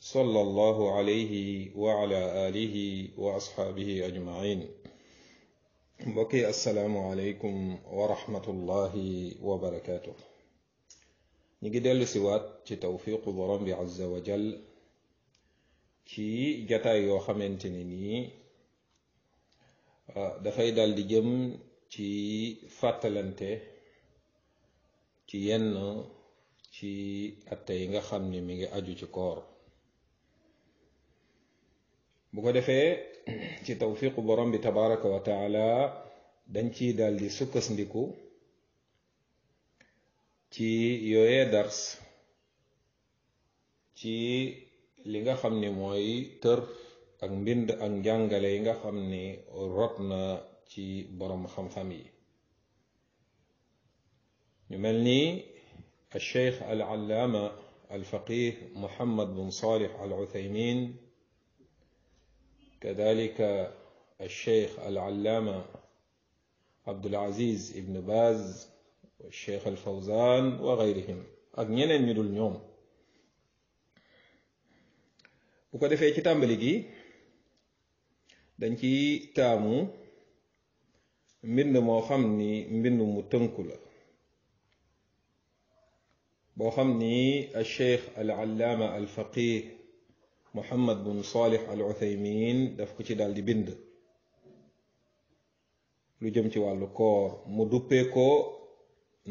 صلى الله عليه وعلى آله وأصحابه أجمعين بقي السلام عليكم ورحمة الله وبركاته نجد لسوات توفيق ضرم عز وجل كي جتا يوخمين تنيني دفايد الدجم تي فاتلنتي تي ين تي أتينغ خمني ميغي أجو تي bu ko defee ci tawfiqu borom bi tabaraka wa taala dañ ci dal di sukkandiku ci yooyee dars ci li nga xam ni mooy tër ak mbind ak njàngale yi nga xam ni rot na ci borom xam-xam yi ñu mel ni al cheikh al allaama al faqih muhammad bin salih al uthaymin كذلك الشيخ العلامة عبد العزيز ابن باز الشيخ الفوزان وغيرهم أغنينا من اليوم وكذا في كتاب بلغي دانكي تامو من مو خمني من متنكلا بو الشيخ العلامة الفقيه muhammad bun saalih al uthaymin daf ko ci daal di bind lu jëm ci wàllu koor mu duppee ko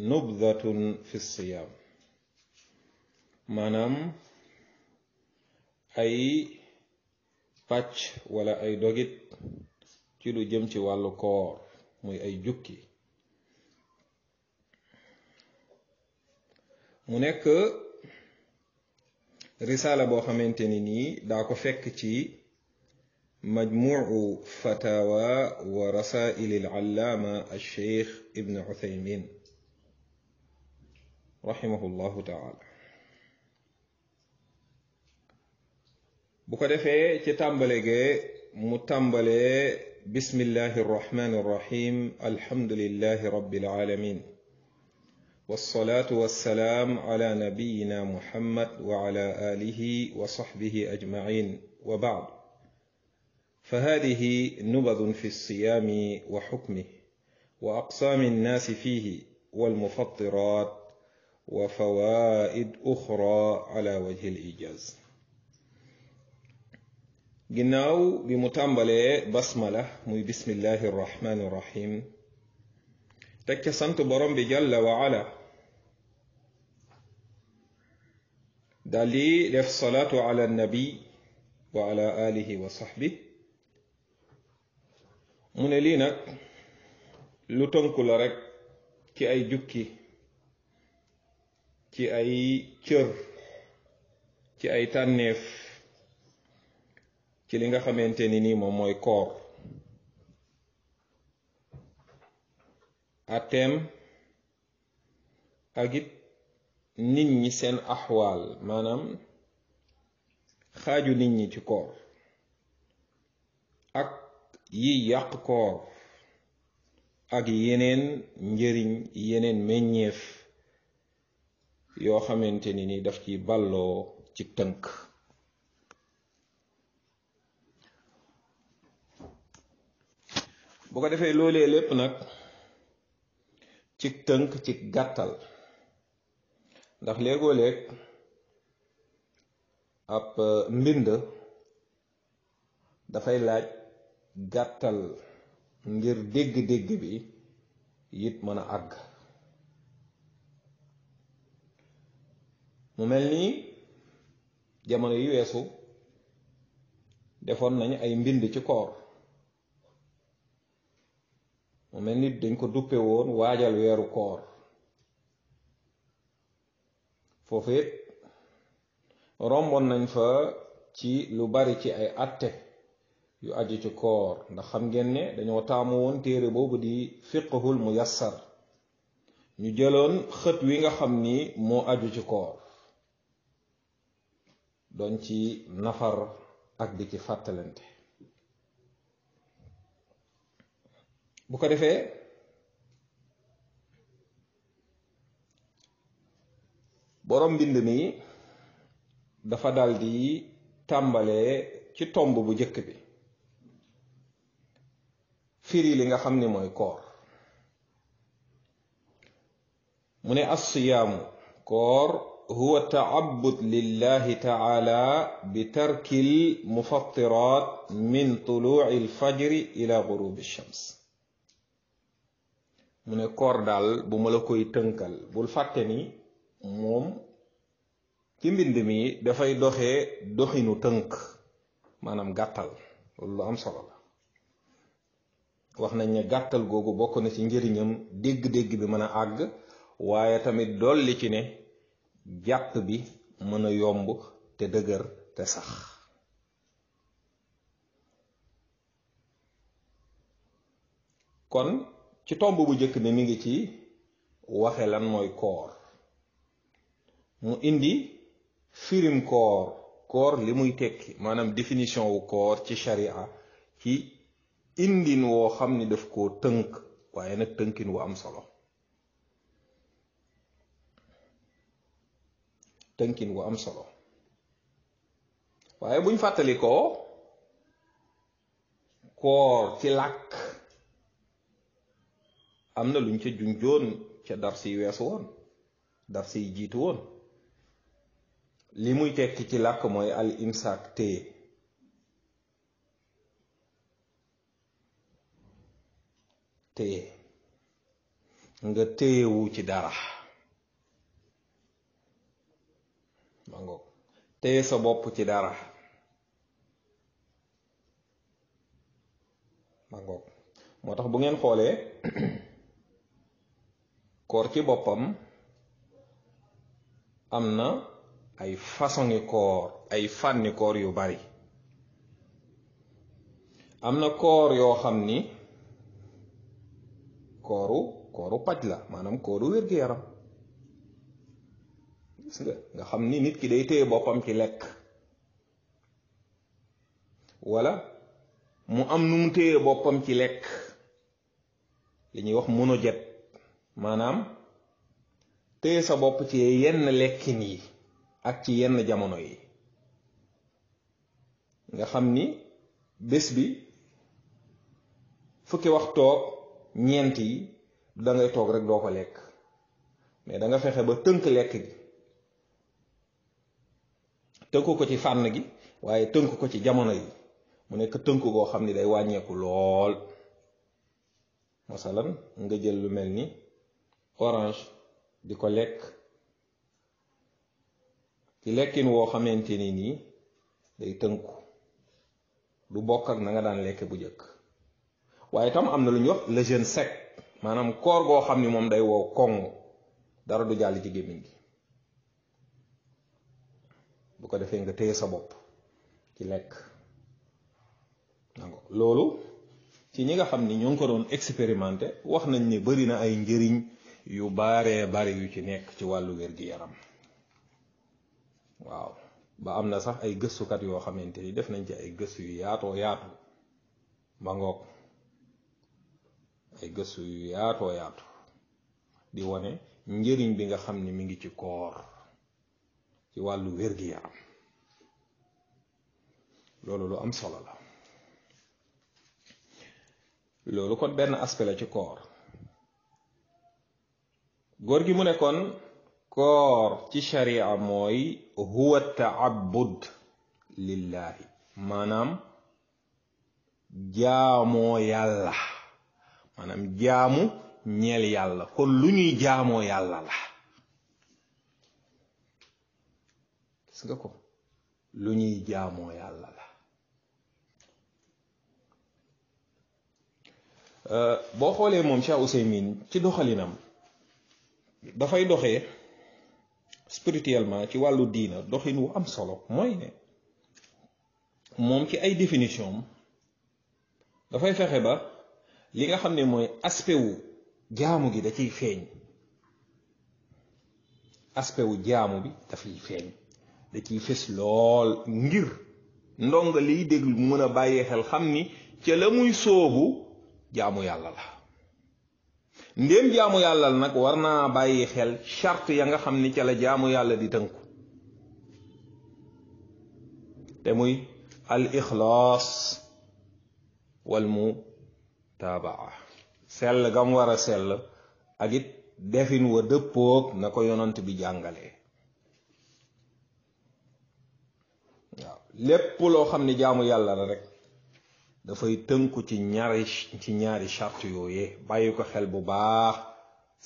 nubdatun fi siyaam maanaam ay pàcc wala ay dogit ci lu jëm ci wàllu koor muy ay jukki mu nekk رسالة بو خمنتيني ني داكو فك تي مجموع فتاوى ورسائل العلامة الشيخ ابن عثيمين رحمه الله تعالى بوكو دافي تي تامبالي مو تامبالي بسم الله الرحمن الرحيم الحمد لله رب العالمين والصلاة والسلام على نبينا محمد وعلى آله وصحبه أجمعين وبعد فهذه نبذ في الصيام وحكمه وأقسام الناس فيه والمفطرات وفوائد أخرى على وجه الإيجاز جناو bi بسم الله بسم الله الرحمن الرحيم تكسنت teg جل وعلا دالي لف على النبي وعلى آله وصحبه من لينا لطن كل رك كي أي جكي كي أي كر كي أي تنف كي لنغا خمين تنيني مموي كور أتم أجيب nit ñi seen axwaal maanaam xaaju nit ñi ci koor ak yi yàq koor ak yeneen njariñ yeneen meññeef yoo xamante ni ni daf ci balloo ci tënk bu ko defee loolee lépp nag ci tënk ci gàttal ndax léegoo léeg ab euh, mbind dafay laaj gàttal ngir dégg-dégg bi it mën a àgg mu mel ni jamono yu weesu defoon nañ ay mbind ci koor mu mel ni dañ ko duppe woon waajal weeru koor foofu it romboon nañ fa ci lu bari ci ay atte yu aju ci koor ndax xam ngeen ne dañoo taamu woon téere boobu di fiqhul muyassar ñu jëloon xët wi nga xam ni moo aju ci koor doon ci nafar ak di ci fàttalante bu ko defee borom mbind mi dafa daldi tàmbalee ci tomb bu njëkk bi firi li nga xam ni mooy koor mu ne assiyaamu koor huwa taabud lillahi taala bi tarkil mufattirat min tuluci alfajri ila gurubi shams mu ne koor daal bu ma la koy tënkal bul fàtte ni moom ci mbind mi dafay doxe doxinu tënk maanaam gàttal loolu lu am solo la wax nañ ne gàttal googu bokk na ci njëriñam dégg-dégg bi mën a àgg waaye tamit dolli ci ne jàpp bi mën a yomb te dëgër te sax kon ci tomb bu njëkk bi mu ngi ci waxe lan mooy koor mu indi firim koor koor li muy tekki maanaam définition wu koor ci sharia ci indin woo xam ni daf koo tënk waaye nag tënkin wu am solo tënkin wu am solo waaye buñ fàttalikoo ko ci làkk am na luñ ca junjoon ca dar siy weesu woon dar jiitu woon li muy tekki ci làkk mooy al imsaak téye nga téyewu ci dara ma ngoog téye sa bopp ci dara ma moo tax bu ngeen xoolee koor ci boppam am na ay façoni koor ay fànni koor yu bari am na koor yoo xam ni kooru kooru paj la maanaam kooru wér-gu-yaram nga xam ni nit ki day téye boppam ci lekk wala mu am nu mu téye boppam ci lekk li ñuy wax monojet maanaam téye sa bopp ci yenn lekkin yi ak ci yenn jamono yi nga xam ni bés bi fukki wax waxtoo ñeent yi da toog rek doo ko lekk mais danga fexe ba tënk lekk gi tënku ko ci fànn gi waaye tënk ko ci jamono yi mu nekk tënk goo xam ni day wàññeeku lool masalan nga jël lu mel ni orange di ko lekk ci lekkin woo xamante ni nii day tënku du bokk ak na nga daan lekk bu njëkk waaye tam am na lu wax le jeûne sec maanaam koor goo xam ni moom day wow koŋ dara du jàll ci gémmiñ gi bu ko defee nga téye sa bopp ci lekk loolu ci ñi nga xam ni ñoo ngi ko doon expérimenté wax nañ ni bari na ay njëriñ yu baaree bari yu ci nekk ci wàllu wér-gi-yaram waaw ba am na sax ay gëstukat yoo xamante ni def nañ ci ay gëstu yu yaatoo yaatu ma ngoog ay gëstu yu yaatoo yaatu di wone njëriñ bi nga xam ni mi ngi ci koor ci wàllu wér-gi-yaram loolu lu am solo la loolu kon benn aspect la ci koor góor gi mu ne kon افكار في شريعه موي هو التعبد لله مانام جامو يالا مانام جامو نيل يالا كون لو ني جامو يالا لا سغاكو لو ني جامو يالا لا أه، بو خوله موم شيخ عثيمين تي دوخالينام دا فاي دوخه spirituellement ci walu diina doxin wu am solo moy ne mom ci ay définition da fay fexe ba li nga xamné moy aspect wu jaamu gi da ci feñ aspect wu jaamu bi da fay feñ da ci fess lol ngir ndonga li déglu mën a bàyyee xel xamni ci la muy sóobu jaamu yàlla la ndéem jaamu yàlla nag war na bàyyi xel charte ya nga xam ni ca la jaamu yàlla di tënku te muy al ixlaas mu mutaabaa sell mu war a sell ak it defin wa dëppoog na ko yonant bi jàngalee waaw lépp loo xam ne jaamu yàlla la rek dafay tënku ci ñaari ci ñaari charte yooyee bàyyi ko xel bu baax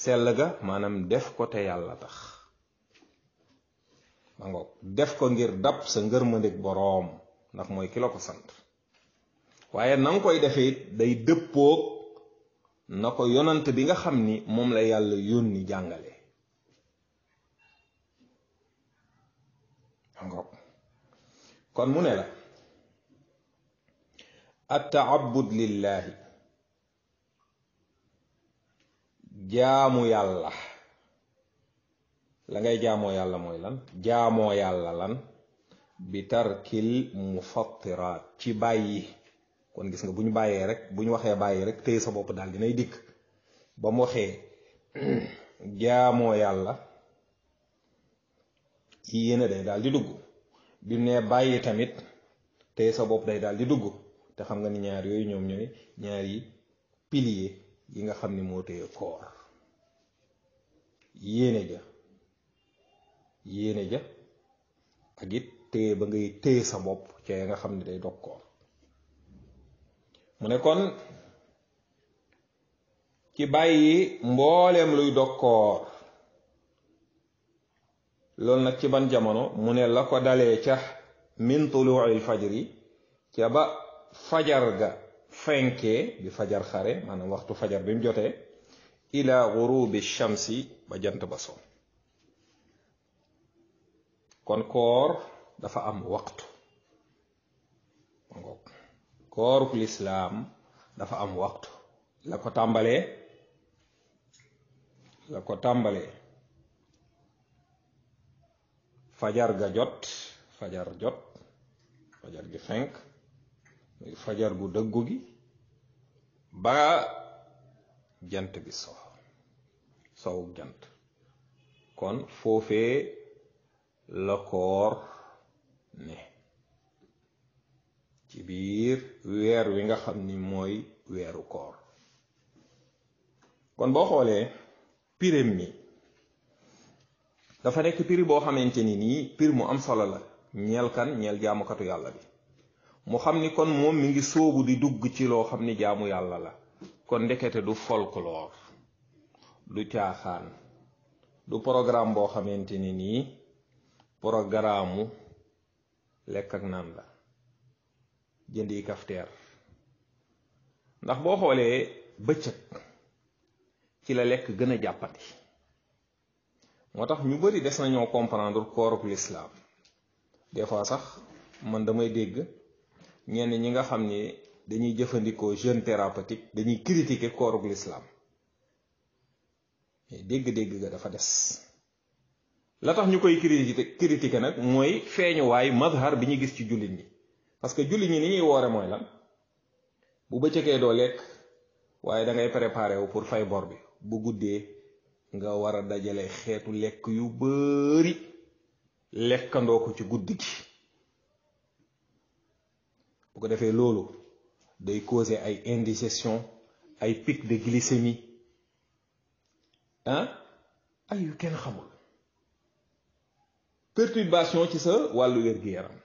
sell ga maanaam def ko te yàlla tax ma def ko ngir dab sa ngërmandik boroom ndax mooy kilo ko sant waaye na koy defee day dëppoog na ko yonant bi nga xam ni moom la yàlla yónni jàngale ma ngoog kon mu ne la attaabud lillaahi jaamu yàlla la ngay jaamoo yàlla mooy lan jaamoo yàlla lan bi tarkil mufattiraat ci bàyyi kon gis nga bu ñu bàyyee rek bu ñu waxee bàyyi rek téye sa bopp daal dinay dikk ba mu waxee jaamoo yàlla yéene day daal di dugg bi ne bàyyi tamit téye sa bopp day daal di dugg te xam nga ni ñaar yooyu ñoom ñooy ñaar yi pilier yi nga xam ni moo téye koor yéene ja yéene ja ak it téye ba ngay téye sa bopp ca ya nga xam ni day dog koor mu ne kon ci bàyyi mbooleem luy dog koor loolu nag ci ban jamono mu ne la ko dalee ca min tuluuxil fajri ca ba fajar ga fenke bi fajar xare manam waxtu fajar bim joté ila ghurubi shamsi ba jant ba so kon koor dafa am waxtu ku islam dafa am waxtu la ko lako la fajar ga jot fajar jot fajar gi fajar bu dëggu gi ba jant bi so sowu jant kon foofee la koor ne ci biir weer wi nga xam ni mooy weeru koor kon boo xoolee pirim mi dafa nekk piri boo xamante ni nii pir mu am solo la ñeel kan ñeel jaamukatu yàlla bi mu xam ni kon moom mu ngi sóobu di dugg ci loo xam ni jaamu yàlla la kon ndekete du folklore du caaxaan du programme boo xamante ni nii programme lekk ak naan la jëndi kafteer ndax boo xoolee bëccëg ci la lekk gën a jàppati moo tax ñu bari des nañoo comprendre kooru lislaam des fois sax man damay dégg ñenn ñi nga xam ni dañuy jëfandikoo jeûne thérapeutique dañuy critiquer koorug lislaam mais dégg-dégg ga dafa des la tax ñu koy critiquer nag mooy waaye mazhar bi ñu gis ci jullit ñi parce que jullit ñi ni ñuy woore mooy lan bu bëccëgee doo lekk waaye da ngay préparer wu pour fay bor bi bu guddee nga war a dajale xeetu lekk yu bari lekkandoo ko ci guddi gi bu ko defee loolu day causer ay indigestion ay pic de glycémie ah ay yu kenn xamul perturbation ci sa wàllu wér-gu-yaram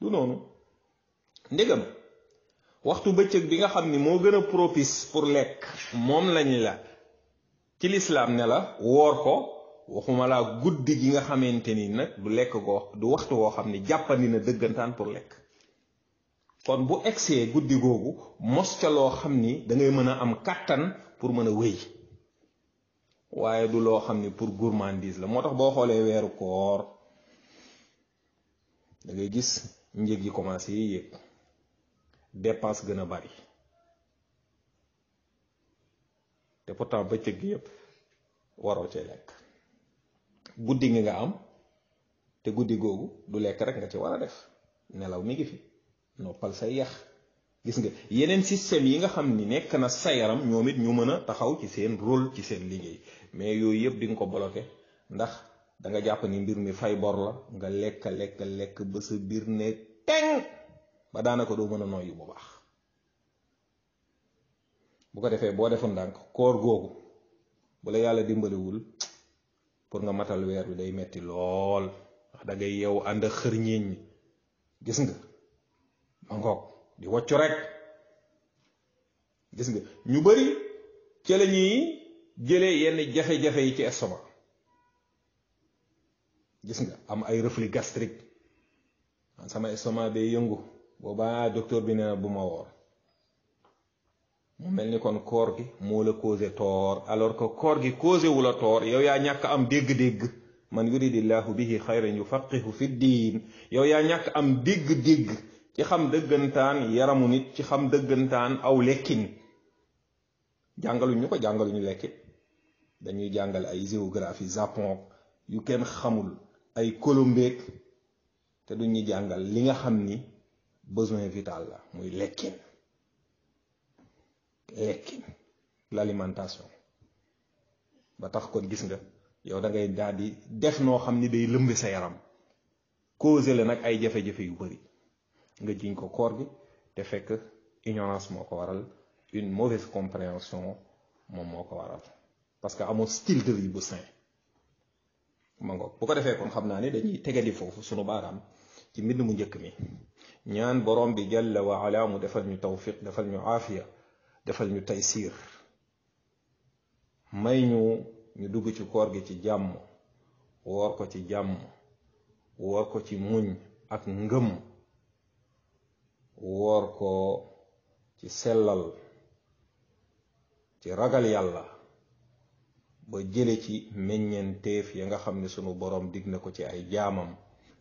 du noonu ndegam waxtu bëccëg bi nga xam ni moo gën a propice pour lekk moom lañ la ci lislaam ne la woor ko waxuma laa guddi gi nga xamante ni nag du lekk ko du waxtu woo xam ni jàppandi na dëggantaan pour lekk kon bu exé guddi googu mos lo xamni da ngay mën am katan pour mën wey wéy du lo xamni pour gourmandise la motax bo xolé wéru koor da ngay gis ñeeg yi commencé yépp gëna bari té pourtant ba gi yépp waro ci lek guddi nga am te guddi googu du lek rek nga ci wara def nelaw mi ngi fi noppal sa yax gis nga yeneen système yi nga xam ni nekk na sa yaram ñoom it ñu mën a taxaw ci seen rôle ci seen liggéey mais yooyu yëpp di nga ko bloqué ndax da nga jàpp ni mbir mi fay bor la nga lekk lekk lekk ba sa biir ne teng ba daanaka doo mën a noyyi bu baax bu ko defee boo defoon ndànk koor googu bu la yàlla dimbaliwul pour nga matal weer bi day metti lool ndax da ngay yeewu ànd xërñeeñ gis nga. ma ngoog di woccu rek gis nga ñu bëri ca la ñuy yenn jafe-jafe yi ci estomac gis nga am ay reflux gastrique man sama estomac day yëngu boobaa docteur bi nee bu ma woor mu mel ni kon koor gi moo la causé toor alors que koor gi causé wu la toor yow yaa ñàkk am dégg-dégg man yuridillahu bihi xayran yufaqihu fi diin yow yaa ñàkk am dégg-dégg ci xam dëggantaan yaramu nit ci xam dëggantaan aw lekkin jàngaluñu ko ñu lekkin dañuy jàngal ay géographie japon yu kenn xamul ay kolombeek te ñu jàngal li nga xam ni besoin vital la muy lekkin lekkin l'alimentation ba tax kon gis nga yow dangay ngay daal def noo xam ni day lëmbe sa yaram causé la nag ay jafe-jafe yu bari nga jiñ ko koor gi te fekk ignorance moo ko waral une mauvaise compréhension moom moo ko waral parce que amoo style de bu sain ma ngoog bu ko defee kon xam naa ni dañuy tegali foofu sunu baaraam ci mbind mu njëkk mi ñaan borom bi jalla wa ala mu defal ñu tawfiq defal ñu aafiya defal ñu taysiir may ñu ñu dugg ci koor gi ci jàmm woor ko ci jàmm woor ko ci muñ ak ngëm woor ko ci sellal ci ragal yàlla ba jële ci meññenteef ya nga xam ne sunu boroom dig na ko ci ay jaamam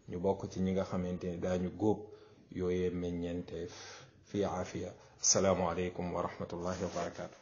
ñu bokk ci ñi nga xamante ni daañu góob yooyee meññenteef fi afiya assalaamu aleykum wa rahmatullahi wa barakatu